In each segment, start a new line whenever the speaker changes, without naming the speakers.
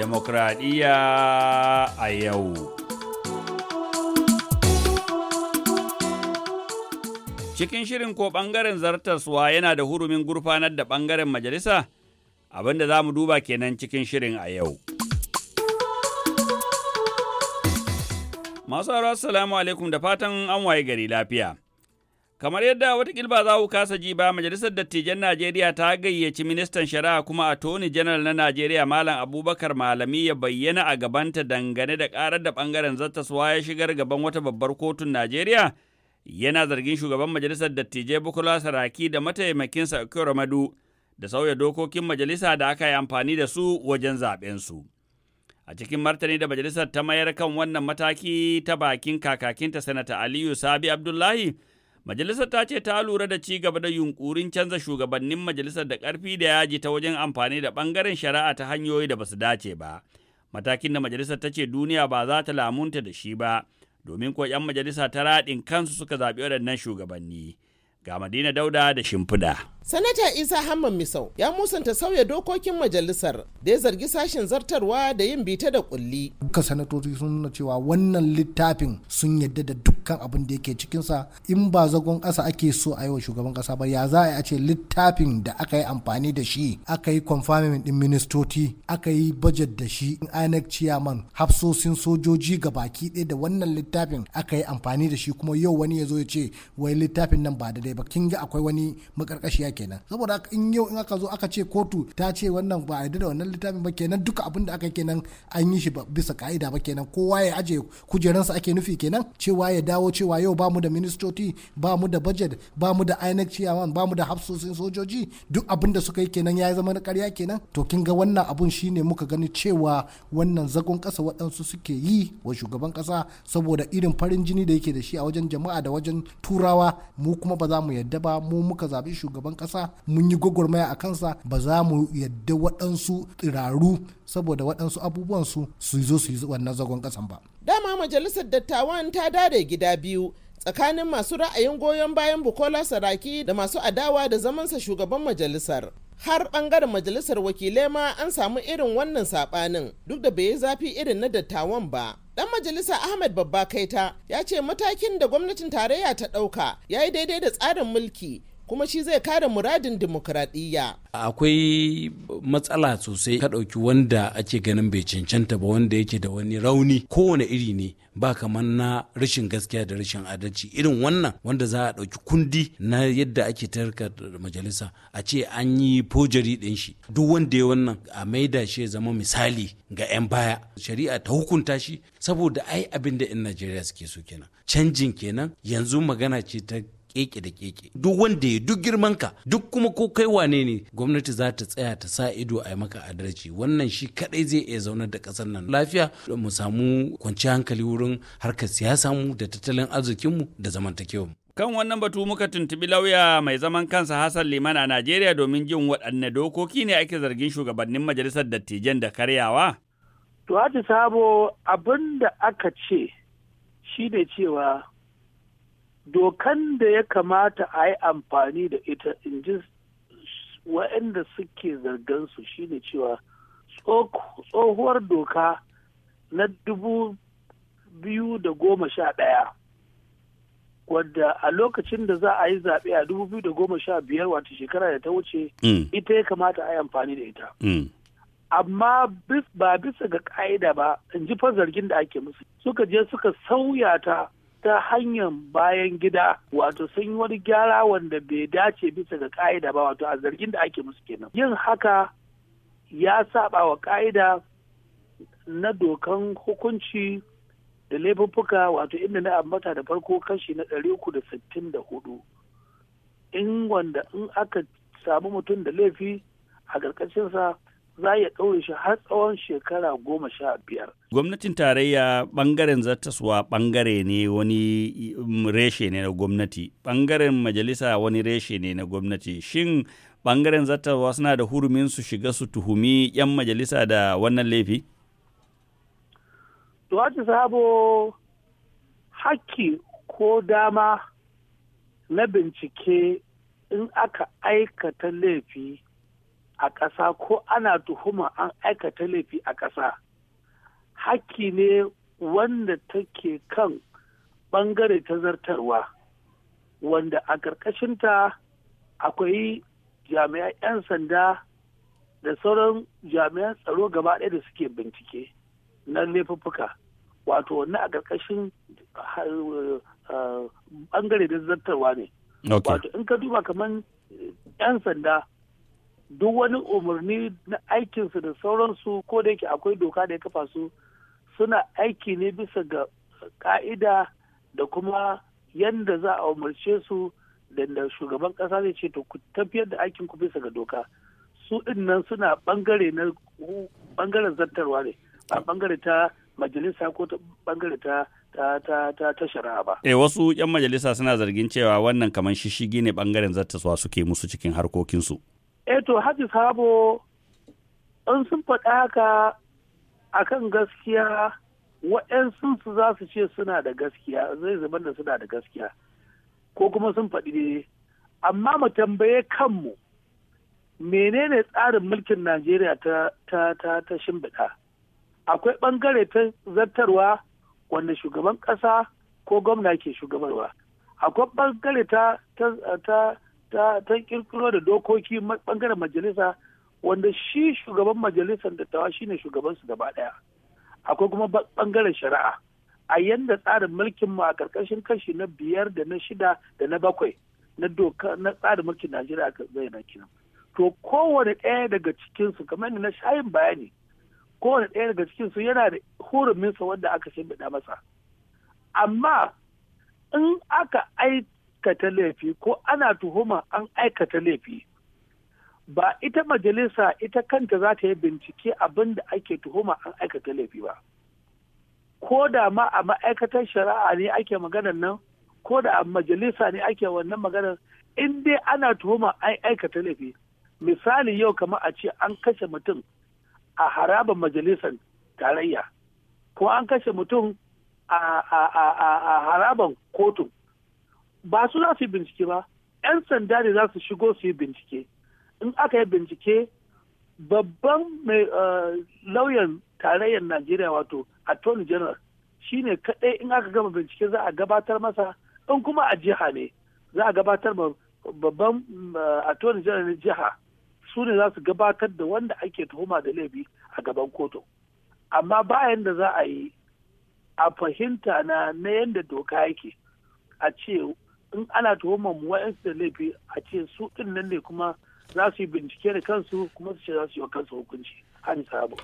demokradiyya a yau. Cikin shirin ko ɓangaren zartaswa yana da hurumin gurfanar da ɓangaren majalisa abinda za mu duba kenan cikin shirin a yau. Masu salamu alaikum da fatan an waye gari lafiya. Kamar yadda wata ba za ku kasa ji ba, Majalisar Dattijan Najeriya ta gayyaci ministan shari'a kuma a toni janar na Najeriya Malam Abubakar Malami ya bayyana a gabanta dangane da karar da ɓangaren zattaswa ya shigar gaban wata babbar kotun Najeriya. Yana zargin shugaban Majalisar Dattijai Bukola Saraki da mataimakin Okoro Madu da sauya dokokin majalisa da aka yi amfani da su wajen zaɓensu. su. a cikin martani da majalisar ta mayar kan wannan mataki ta bakin kakakinta sanata aliyu sabi abdullahi Majalisar ta ce ta lura da ci gaba da yunkurin canza shugabannin majalisar da ƙarfi da yaji ta wajen amfani da ɓangaren shari'a ta hanyoyi da basu dace ba. Matakin da majalisar ta ce duniya ba za ta lamunta da shi ba, domin ko 'yan majalisa ta raɗin kansu suka zaɓi waɗannan shugabanni. Ga Madina Dauda da shimfida.
Sanata Isa Hamman Misau ya musanta sauya dokokin majalisar da ya zargi sashen zartarwa da yin bita da kulli. Duka sanatoci sun nuna cewa wannan littafin sun yadda da dukkan abin da yake cikinsa in ba zagon kasa ake so a yi wa shugaban ƙasa ba ya za a yi a ce littafin da aka yi amfani da shi aka yi confirming din ministoci aka yi budget da shi in INEC chairman hafsosin sojoji ga baki ɗaya da wannan littafin aka yi amfani da shi kuma yau wani ya zo ya ce wai littafin nan ba da dai ba kin ga akwai wani makarkashiya duniya kenan saboda in yau in aka zo aka ce kotu ta ce wannan ba a da wannan littafin ba kenan duka abin da aka kenan an yi shi bisa ka'ida ba kenan kowa ya aje kujeransa ake nufi kenan cewa ya dawo cewa yau ba mu da ministoci ba mu da budget ba mu da INEC chairman ba mu da hafsosin sojoji duk abin da suka yi kenan ya zama na karya kenan to kin ga wannan abun shine muka gani cewa wannan zagon kasa waɗansu suke yi wa shugaban kasa saboda irin farin jini da yake da shi a wajen jama'a da wajen turawa mu kuma ba za mu yadda ba mu muka zaɓi shugaban ƙasa mun yi gwagwarmaya a kansa ba za mu yadda waɗansu tsiraru saboda waɗansu abubuwan su su zo su yi wannan zagon ƙasan ba. Dama majalisar dattawan ta dare gida biyu tsakanin masu ra'ayin goyon bayan Bukola Saraki da masu adawa da zamansa shugaban majalisar. har bangaren majalisar wakilai ma an samu irin wannan saɓanin duk da bai yi zafi irin na dattawan ba dan majalisa ahmed babba kaita ya ce matakin da gwamnatin tarayya ta ɗauka ya yi daidai da tsarin mulki kuma shi zai kare muradin dimokuraɗiyya.
akwai matsala sosai ka ɗauki wanda ake ganin bai cancanta ba wanda yake da wani rauni kowane iri ne ba kamar na rashin gaskiya da rashin adalci irin wannan wanda za a ɗauki kundi na yadda ake tarka majalisa a ce an yi fojari ɗin shi duk wanda ya wannan a maida shi zama misali ga 'yan baya shari'a ta hukunta shi saboda ai abin da 'yan najeriya suke so kenan canjin kenan yanzu magana ce ta keke da keke duk wanda ya duk girman ka duk kuma ko kai wane ne gwamnati za ta tsaya ta sa ido a yi maka adalci wannan shi kadai zai iya zaunar da kasar nan lafiya mu samu kwanciyar hankali wurin harkar siyasa mu da tattalin arzikin mu da zamantakewa mu
Kan wannan batu muka tuntubi lauya mai zaman kansa Hassan Liman a Najeriya domin jin waɗanne dokoki ne ake zargin shugabannin majalisar dattijan da karyawa?
To, Sabo abinda aka ce shi ne cewa dokan da ya kamata a yi amfani da ita in ji waɗanda suke zargansu shine cewa tsohuwar doka na dubu biyu da goma sha ɗaya wadda a lokacin da za a yi zaɓe a dubu biyu da goma sha biyar wata shekara da ta wuce mm. ita ya kamata a yi amfani da ita mm. amma ba bisa ga ƙa'ida ba in ji fa zargin da ake musu suka je suka sauya ta ta hanyar bayan gida wato sun yi wani gyara wanda bai dace bisa ga ka'ida ba wato a zargin da ake musu kenan yin haka ya saba wa ka'ida na dokan hukunci da laifuffuka wato inda na ambata da farko kashi na ɗari uku da sittin da hudu in wanda in aka samu mutum da laifi a ƙarƙashinsa za ya ɗaure shi har tsawon shekara goma sha biyar.
Gwamnatin tarayya ɓangaren zartaswa ɓangare ne wani mm, reshe ne na gwamnati, ɓangaren majalisa wani reshe ne na gwamnati. Shin ɓangaren zartaswa suna da hurumin su shiga su tuhumi 'yan majalisa da wannan laifi?
Tuwaci sabo haƙƙi ko dama na bincike in aka aikata laifi. a ƙasa ko ana tuhuma an aikata laifi a ƙasa hakki ne wanda take kan ɓangare ta zartarwa wanda a ƙarƙashinta akwai jami'an 'yan sanda da sauran jami'an tsaro gaba ɗaya da suke bincike na laifuffuka wato wannan a ƙarƙashin ɓangare da zartarwa ne wato in ka duba kamar 'yan sanda duk wani umarni na aikinsu da sauransu ko da yake akwai doka da ya kafa su suna aiki ne bisa ga ka'ida da kuma yadda za a umarce su da shugaban kasa zai ce to ku tafiyar da aikin ku bisa ga doka su nan suna bangare na bangaren zartarwa ne ba bangare ta majalisa ko ta bangare ta ta shari'a ba eh
wasu yan majalisa suna zargin cewa wannan kamar shishigi ne bangaren zartaswa suke musu cikin harkokinsu
eto eh, to haji sabo in sun faɗa haka a kan gaskiya waɗansu su za su ce suna da gaskiya zai zama da suna da gaskiya ko kuma sun faɗi ne amma mu tambaye kanmu menene tsarin mulkin najeriya ta ta ta ta shimbiɗa akwai ɓangare ta zartarwa wanda shugaban ƙasa ko gwamna ke shugabarwa akwai ɓangare ta ta ta ta kirkiro da dokoki bangaren majalisa wanda shi shugaban majalisar tawa shine shugaban su gaba daya akwai kuma bangaren shari'a a yanda tsarin mulkin mu a karkashin kashi na biyar da na shida da na bakwai na doka na tsarin mulkin Najeriya zai na kinan to kowane ɗaya daga cikin kamar na shayin bayani kowane ɗaya daga cikinsu yana da huruminsa wanda aka da masa amma in aka aiki aikata laifi ko ana tuhuma an aikata laifi ba ita majalisa ita kanta za ta yi bincike abin da ake tuhuma an aikata laifi ba ko da ma a ma'aikatar shari'a ne ake maganar nan ko da a majalisa ne ake wannan maganar in dai ana tuhuma an aikata laifi misali yau kamar a ce an kashe mutum a haraba majalisar tarayya ko an kashe mutum a harabar kotun ba su za su yi bincike ba 'yan sanda ne za su shigo su yi bincike in aka yi bincike babban mai eh, lauyan tarayyar najeriya wato attorney general shine kadai in aka gama bincike za a gabatar masa in kuma a jiha ne za a gabatar ma babban eh, attorney general na jiha su ne za su gabatar da wanda ake tuhuma da laifi a gaban kotu amma bayan da za a yi a fahimta na yadda doka yake a ce in ana tuhumar mu wa'yansu da laifi a ce su din nan ne kuma za su yi bincike da kansu kuma su ce za su yi wa kansu hukunci hali sabo.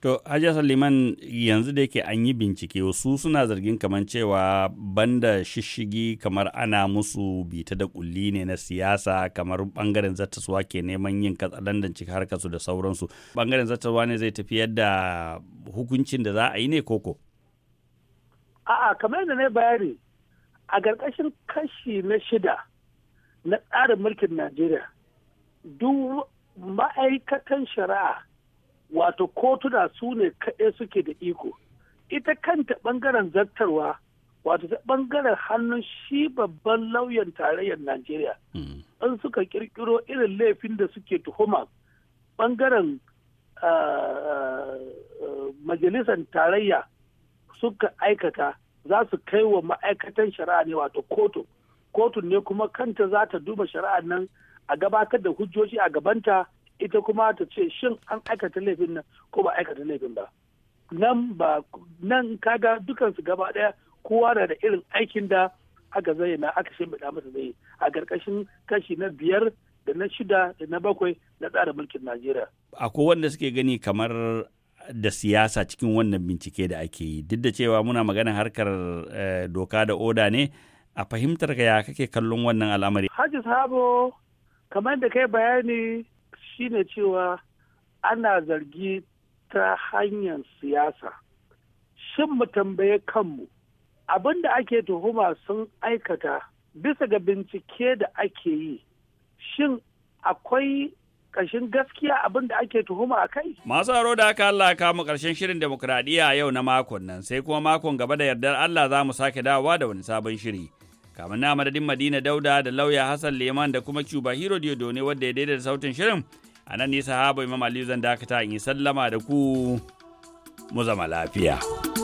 To, Hajiya Saliman yanzu da yake an yi bincike wasu suna zargin kamar cewa banda shishigi kamar ana musu bita da kulli ne na siyasa kamar bangaren zattasuwa ke neman yin katsalandan cika harkarsu da sauransu. Bangaren zattasuwa ne zai tafi yadda hukuncin da za a yi ne koko?
A'a, kamar yadda na bayani a ƙarƙashin kashi na shida na tsarin mulkin najeriya duk ma'aikatan shari'a wato kotuna su ne kaɗai suke da iko ita kanta ɓangaren zartarwa wato ta ɓangaren hannun shi babban lauyan tarayyar najeriya hmm. in suka ƙirƙiro irin laifin da suke tuhuma ɓangaren ah, ah, majalisar tarayya suka aikata za su kai wa ma'aikatan shari'a ne wato kotu kotu ne kuma kanta za ta duba shari'a nan a gabatar da hujjoji a gabanta ita kuma ta ce shin an aikata laifin nan ko ba aikata laifin ba nan ba nan kaga dukansu gaba daya kowa na da irin aikin da aka zayyana aka shimfiɗa masa zai a karkashin kashi na biyar da na shida da na bakwai na tsara mulkin Najeriya.
Akwai wanda suke gani kamar da siyasa cikin wannan bincike da ake yi duk da cewa muna magana harkar eh, doka da oda ne a fahimtar ka ya kake kallon wannan al'amari
haji sabo kamar da kai bayani shine cewa ana zargi ta hanyar siyasa shin mu tambaye kanmu abin da ake tuhuma sun aikata bisa ga bincike da ake yi shin akwai ƙarshen gaskiya abin da ake tuhuma a kai.
Masu aro da aka Allah ka mu ƙarshen shirin demokuraɗiyya yau na makon nan sai kuma makon gaba da yardar Allah za mu sake dawowa da wani sabon shiri. Kamar na madadin Madina Dauda da lauya Hassan Leman da kuma Cuba Hero ne wadda ya daidaita sautin shirin. A nan nisa habu Imam Aliyu zan dakata in yi sallama da ku mu zama lafiya.